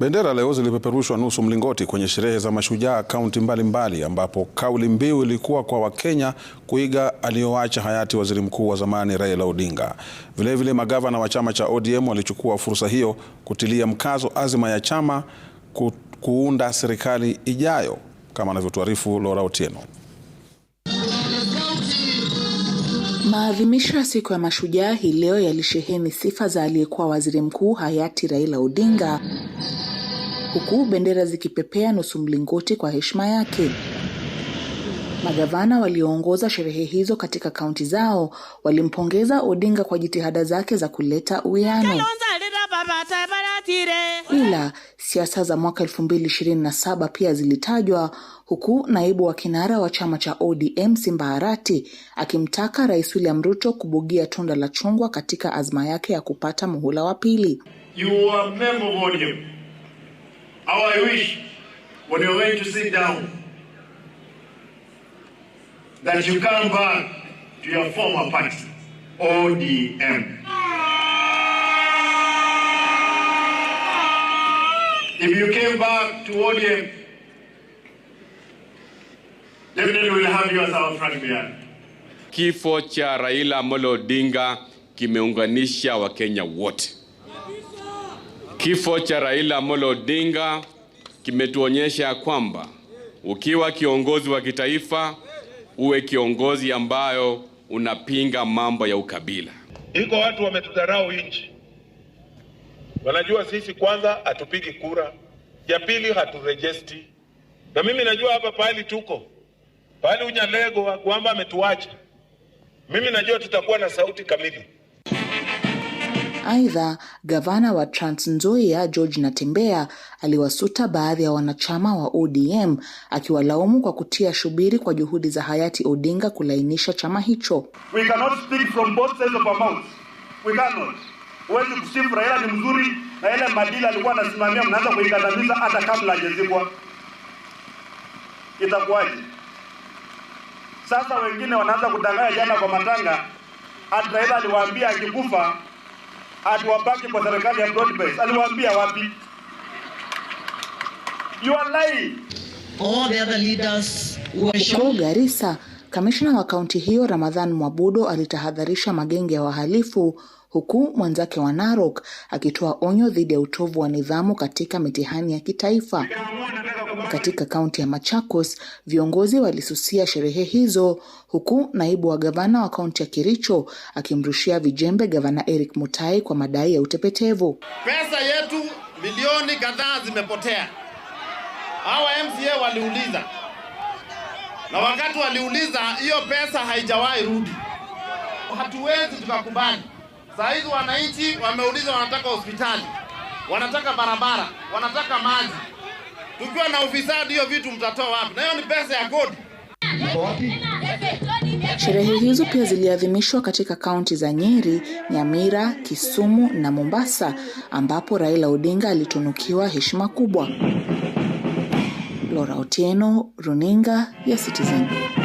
Bendera leo zilipeperushwa nusu mlingoti kwenye sherehe za mashujaa kaunti mbalimbali, ambapo kauli mbiu ilikuwa kwa Wakenya kuiga aliyoacha hayati waziri mkuu wa zamani Raila Odinga. Vilevile, magavana wa chama cha ODM walichukua fursa hiyo kutilia mkazo azima ya chama ku, kuunda serikali ijayo, kama anavyotuarifu Laura Otieno. Maadhimisho ya siku ya mashujaa hii leo yalisheheni sifa za aliyekuwa waziri mkuu hayati Raila Odinga, huku bendera zikipepea nusu mlingoti kwa heshima yake. Magavana walioongoza sherehe hizo katika kaunti zao walimpongeza Odinga kwa jitihada zake za kuleta uwiano. Ila siasa za mwaka 2027 pia zilitajwa huku naibu wa kinara wa chama cha ODM Simba Arati akimtaka Rais William Ruto kubugia tunda la chungwa katika azma yake ya kupata muhula wa pili. ODM. If you came back to ODM, definitely we'll have you as our front man. Kifo cha Raila Amolo Odinga kimeunganisha Wakenya wote. Kifo cha Raila Amolo Odinga kimetuonyesha kwamba ukiwa kiongozi wa kitaifa uwe kiongozi ambayo unapinga mambo ya ukabila. Iko watu wametudharau nchi Wanajua sisi kwanza hatupigi kura, ya pili haturejesti. Na mimi najua hapa pahali tuko pahali unyalego kwamba ametuacha, mimi najua tutakuwa na sauti kamili. Aidha, gavana wa Trans Nzoia George Natembeya aliwasuta baadhi ya wanachama wa ODM akiwalaumu kwa kutia shubiri kwa juhudi za hayati Odinga kulainisha chama hicho. We cannot speak from both sides of our mouth. We cannot. Huwezi kusifu Raila ni mzuri, na ile madili alikuwa anasimamia mnaanza kuikandamiza hata kabla hajazikwa, itakuwaje? Sasa wengine wanaanza kudanganya. Jana kwa matanga, ati Raila aliwaambia akikufa ati wabaki kwa serikali ya Broadbase. Aliwaambia wapi? You are lying. All the other leaders were Garissa. Kamishna wa kaunti hiyo Ramadhan Mwabudo alitahadharisha magenge ya wahalifu huku mwenzake wa Narok akitoa onyo dhidi ya utovu wa nidhamu katika mitihani ya kitaifa. Katika kaunti ya Machakos, viongozi walisusia sherehe hizo, huku naibu wa gavana wa kaunti ya Kericho akimrushia vijembe gavana Eric Mutai kwa madai ya utepetevu. Pesa yetu milioni kadhaa zimepotea. Hawa MCA waliuliza, na wakati waliuliza hiyo pesa haijawahi rudi. Hatuwezi tukakubali. Saa hizi wananchi wameuliza, wanataka hospitali, wanataka barabara, wanataka maji. Tukiwa na ufisadi, hiyo vitu mtatoa wapi? Na hiyo ni pesa ya kodi. Sherehe hizo pia ziliadhimishwa katika kaunti za Nyeri, Nyamira, Kisumu na Mombasa ambapo Raila Odinga alitunukiwa heshima kubwa. Laura Otieno, Runinga ya Citizen.